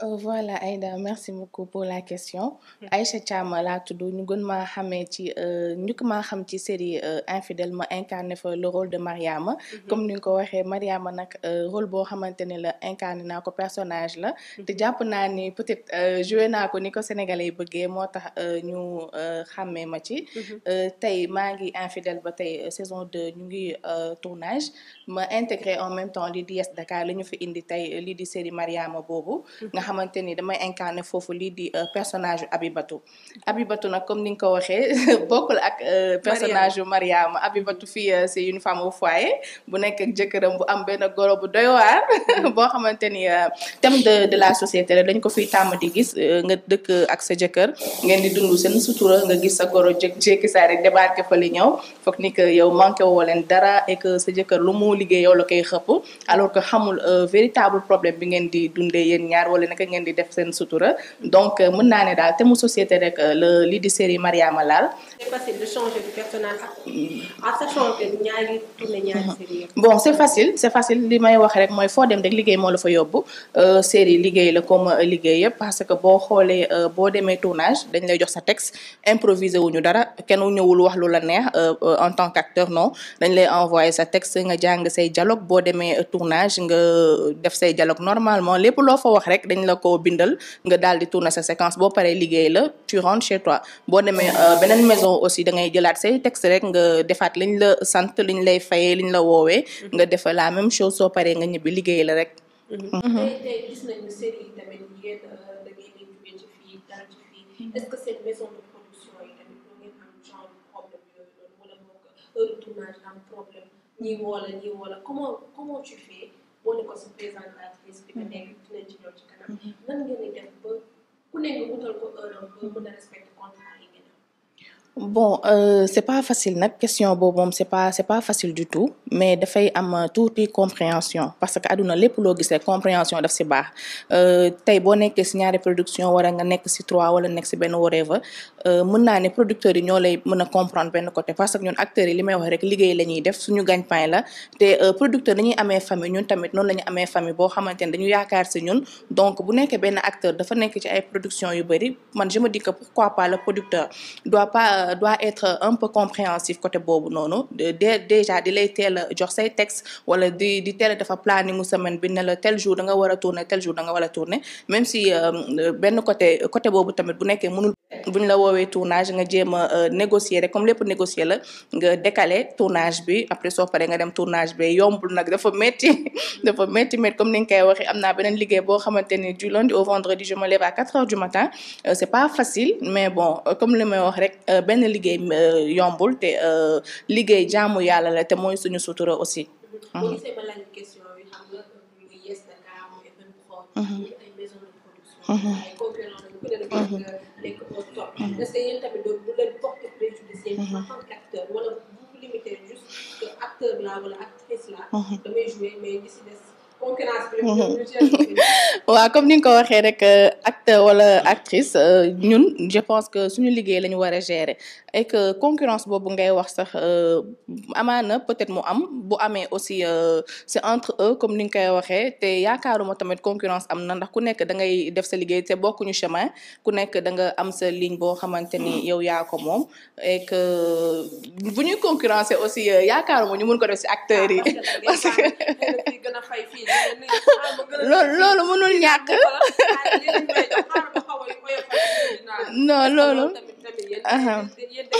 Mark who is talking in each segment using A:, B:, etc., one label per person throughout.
A: Euh, voilà Aïda merci beaucoup pour la question hmm. Aïcha Thiam laa tudd ñu gën maa xamee ci euh, ñu ko maa xam ci série euh, infidèle ma incarné fa le rôle de Mariama hmm. comme ni nga ko waxee Mariama nag rôle boo xamante ne la incarné naa ko personnage la hmm. te jàpp naa ni peut-être joué naa ko ni ko sénégalais bëggee moo tax ñu xàmmee ma ci tey maa ngi infidèle ba tey saison de ñu ngi tournage ma intégré en même temps li di Yes Dakar li ñu fi indi tey li di série Mariama boobu xamante ni damay incarné foofu lii di euh, personnage yu Abibatu Abibatu nag comme ni nga ko waxee bokkul ak euh, personnage yu Mariama Abibatu fii euh, c'est une femme au bu nekk ak jëkkëram bu am benn goro bu doy waar boo xamante ni thème de de la société la dañ ko fiy tàmm di gis nga dëkk ak sa jëkkër ngeen di dund seen sutura nga gis sa goro jëkk jékki saa rek débarqué fa li ñëw foog ni que yow manqué woo leen dara et sa jëkkër lu mu liggéey yow la koy xëpp alors que xamul bi ngeen di dundee yéen ñaar naka ngeen di def seen sutura donc euh, mën naa ne daal te mu société rek euh, le lii di série Mariama Laal.
B: c'est facile de changer de ah, mm-hmm.
A: bon c'est facile li may wax rek mooy foo dem rek liggéey moo la fa yóbbu euh, série liggéey la comme liggéey yëpp parce que boo xoolee boo deme tournage dañ lay jox sa texte improvisé wuñu dara kenn ñëwul wax lu la neex en tant qu'acteur no dañ lay envoyé sa texte nga jàng say dialogue boo demee tournage nga def say dialogue normalement lépp loo wax rek la koo bindal nga daal di tourner sa séquence boo paree liggéey la tu rentres chez toi boo demee euh, beneen maison aussi dangay ngay jëlaat say texte rek nga defaat liñ la sant liñ lay fayee liñ la woowee mm-hmm. nga defa la même chose soo paree nga ñibbi liggéey la rek mm-hmm. mm-hmm.
B: euh, est wane ko sa présentatrice bi nga mm-hmm. nekk dinañ ci ñëw ci kanam. Mm-hmm. nan ngeen di def ba ku nekk wutal ko heure am ba mën a respecté contrat
A: bon euh, c'est pas facile nag question boobu moom c'est pas c'est facile du tout mais dafay am tuuti compréhension parce que adduna lépp loo gisee rek compréhension si baax euh, tey boo nekkee si ñaari production wala nga nekk si trois wala nekk si benn whatever euh, mën naa ne producteurs yi ñoo lay mën a comprendre benn côté parce que ñun acteurs yi li may wax rek liggéey la ñuy def suñu gagne-pain la te euh, producteur dañuy amee famille ñun tamit noonu la amee famille boo xamante ne dañu yaakaar ñun donc bu nekkee benn acteur dafa nekk ci ay production yu bëri man je me doit être un peu compréhensif côté boobu noonu déjà di lay teel a jox say texte wala di di teel a dafa planning semaine bi ne la tel jour da nga war a tourner tel jour da nga war a tourner même si euh, euh, benn côté côté boobu tamit bu nekkee mënul buñ la woowee tournage nga jéem a euh, négocier rek comme lépp négocier la nga décaler tournage bi après soo paree nga dem tournage bi yombul nag dafa métti dafa métti métti comme ni nga koy waxee am na beneen liggéey boo xamante ni du lundi au vendredi je me lève à 4 heures du euh, mais bon euh, comme li may wax rek benn liggéey yombul te liggéey jaamu yàlla la te mooy suñu sutura aussi.
B: est-ce que yéen mhm. tamit doon bu leen porter préjudice en mhm. tant qu'acteur wala bu limité juste que acteur la wala actrice la mhm. damay jouer mais li si concurrence bi. Mhm.
A: comme ni nga ko waxee rek euh, acteur wala actrice euh, ñun je pense que suñu liggéey la ñu war a gérer et concurrence boobu ngay wax sax euh, amaana peut-être mu am bu amee aussi c'est entre eux comme ni nga koy waxee te yaakaaruma tamit concurrence am na ndax ku nekk da ngay def sa liggéey te bokkuñu chemin ku nekk danga am sa ligne boo xamante ni mm. yow yaa ko moom et que bu ñuy concurrencer aussi yaakaaruma ñu mun ko def si acteurs yi. Ah, loolu loolu mënul ñàkk non loolu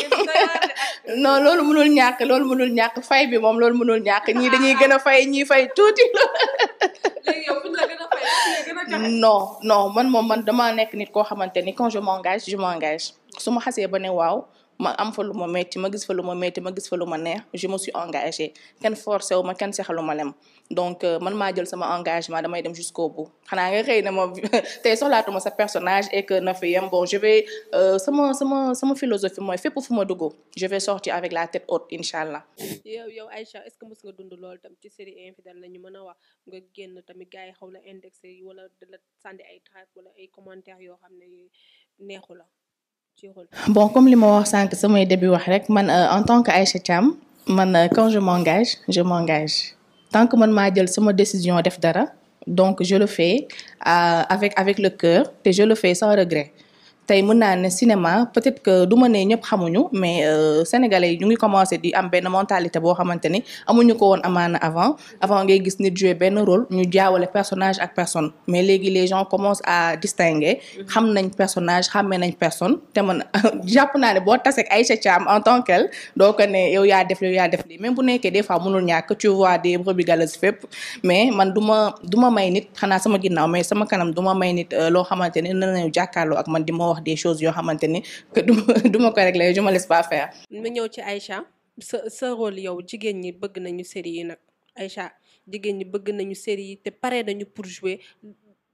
A: non loolu mënul ñàkk loolu mënul ñàkk fay bi moom loolu mënul ñàkk ñii dañuy gën a fay ñii fay tuuti non non man moom man damaa nekk nit koo xamante ni quand je m'engage je m'engage su ma xasee ba ne waaw ma am fa lu ma metti ma gis fa lu ma ma gis fa lu ma neex je me suis engagée kenn forcé wu ma kenn sexalu ma lem donc euh, man maa jël sama engagement damay dem jusqu'au bout xanaa nga xëy na ma tey soxlaatuma sa personnage et que na fa yem euh, sama sama sama philosophie mooy fépp fu ma dugg je vais sortir avec la tête haute incha allah.
B: yow yow Aïcha est ce que mës nga dund loolu tam ci série infidèle la ñu mën a wax nga génn tamit gars yi xaw la indexé wala di la ay track wala ay commentaires yoo xam ne neexu la.
A: bon comme li ma wax sànq samay début wax rek man euh, en tant que Aïcha Thiam man euh, quand je m'engage je m'engage tant que man maa jël sama décision def dara donc je le fais euh, avec avec le cœur te je le fais sans regret tey mën naa ne cinéma peut-être que du ma ne ñëpp xamuñu mais euh, sénégalais yi ñu ngi commencé di am benn mentalité boo xamante ni amuñu ko woon amaana avant avant ngay gis nit jouer benn rôle ñu jaawale personnage ak personne mais léegi les gens commencent à distinguer xam nañ personnage xàmmee nañ personne te man jàpp naa ne boo tasek Aïcha Thiam en tant qu'elle doo ko ne yow yaa def yow yaa def lii même bu nekkee des fois mënul ñàkk tu vois des brebis galeuses mais man du ma du ma may nit xanaa sama ginnaaw mais sama kanam du ma may nit euh, loo xamante ni na nañu ak man di ma wax des choses yoo xamante ni que du ma du ma ko régler je me
B: ñëw ci Aïcha sa sa rôle yow jigéen ñi bëgg nañu série yi nag cha jigéen ñi bëgg nañu série yi te pare nañu pour jouer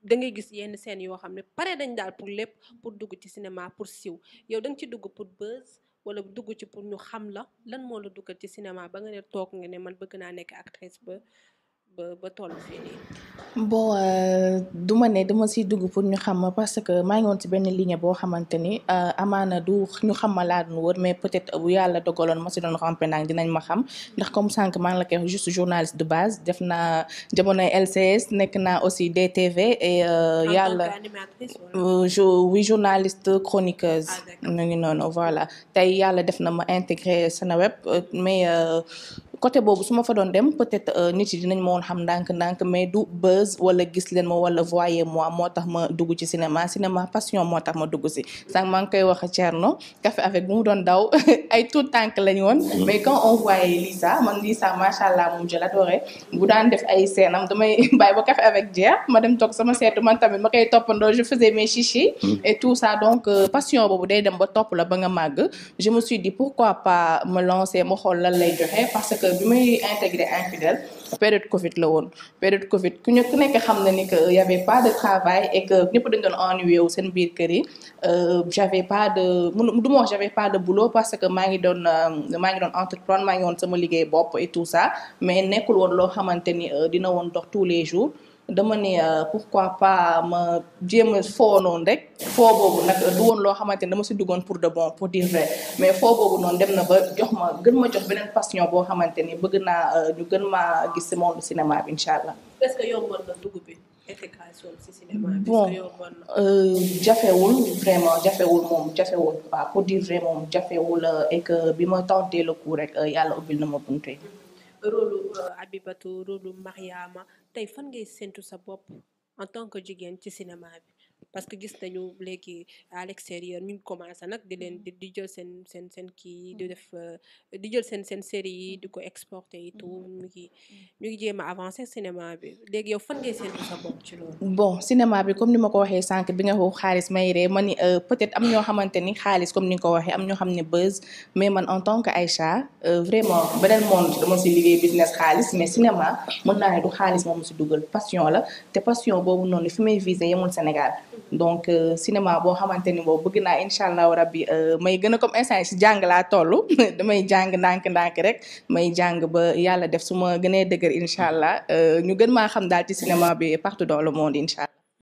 B: da ngay gis yenn scène yoo xam ne pare dañ daal pour lépp pour dugg ci cinéma pour siw yow da nga ci dugg pour buzz. wala dugg ci pour ñu xam la lan moo la duggal ci cinéma ba nga ne toog nga ne man bëgg naa nekk actrice ba ba ba toll euh,
A: du ma ne dama siy dugg pour ñu xam ma parce que maa ngi woon ci benn ligne boo xamante ni euh, amaana du ñu xam ma laa doon wër mais peut-être bu yàlla dogaloon ma si doon rampé naa dinañ ma xam ndax comme sànq maa ngi la koy juste journaliste de base def naa jamonoy LCS nekk naa aussi DTV et euh, yàlla jo oui journaliste chroniqueuse ñu ah, noonu voilà tey yàlla def na ma intégré Seneweb mais côté boobu su ma fa doon dem peut-être euh, nit yi dinañ ma woon xam ndànk-ndànk mais du buzz wala gis leen ma wala voyez moi moo tax ma dugg ci cinéma cinéma passion moo tax ma dugg si sànq maa ngi koy wax Thierno café avec bu mu doon daw ay tout tànk lañ woon mais quand on voyait Lisa man Lisa macha allah moom je bu daan def ay scène am damay bàyyi ba café avec jeex ma dem toog sama seetu man tamit ma koy toppandoo je faisais mes chichis mm. et tout ça donc euh, passion boobu day dem ba topp la ba nga màgg je me suis dit pourquoi pas ma lancer ma xool lan lay bi may intégré période Covid la woon période Covid ku ñu nekk xam na ni que euh, y avait pas de travail et que ñëpp dañ doon ennuyé wu seen biir kër yi euh, j'avais pas de du ma wax j'avais pas de boulot parce que maa ngi doon euh, maa ngi doon entreprendre maa ngi woon sama liggéey bopp et tout ça mais nekkul woon loo xamante ni dina woon dox tous les jours. dama ne euh, pourquoi pas ma jéem a foo noonu rek foo boobu nag du woon loo xamante ne dama si duggoon pour de bon pour dire mais foo boobu noonu dem na ba jox ma gën ma jox beneen passion boo xamante ni bëgg naa euh, ñu gën maa gis si monde cinéma bi incha allah.
B: est-ce que yomboon na dugg bi intégration si cinéma bi. bon
A: euh, jafewul vraiment jafewul moom jafewul waaw moom jafewul et bi ma tenté le coup rek yàlla ubbil na ma bunte.
B: rôlu euh, Abibatou rôlu Mariama tey fan ngay séntu sa bopp en tant que jigéen ci cinéma bi parce que gis nañu léegi à l'extérieur ñu ngi commencé nag di leen mm. di jël seen seen seen kii mm. di def euh, di jël seen seen série yi di ko exporter yi tu mm. ñu ngi ñu ngi jéem a avancé cinéma bi léegi yow fan ngay
A: bon cinéma bi comme ni ma ko waxee sànq bi nga ko xaalis may ree ma ni euh, peut-être am ñoo xamante ni xaalis comme ni nga ko waxee am ñoo xam ne buzz mais man en tant que Aïcha euh, vraiment beneen moom dama si liggéey business xaalis mais cinéma mën naa ne du xaalis moom si dugal passion la te passion boobu noonu fi may viser yemul Sénégal. donc euh, cinéma boo xamante ni boobu bëgg naa incha allah rabbi euh, may gën a comme instant si jàng laa toll damay jàng ndànk-ndànk rek may jàng ba yàlla def su ma gënee dëgër incha allah euh, ñu gën maa xam daal ci cinéma bi partout dans le monde incha allah.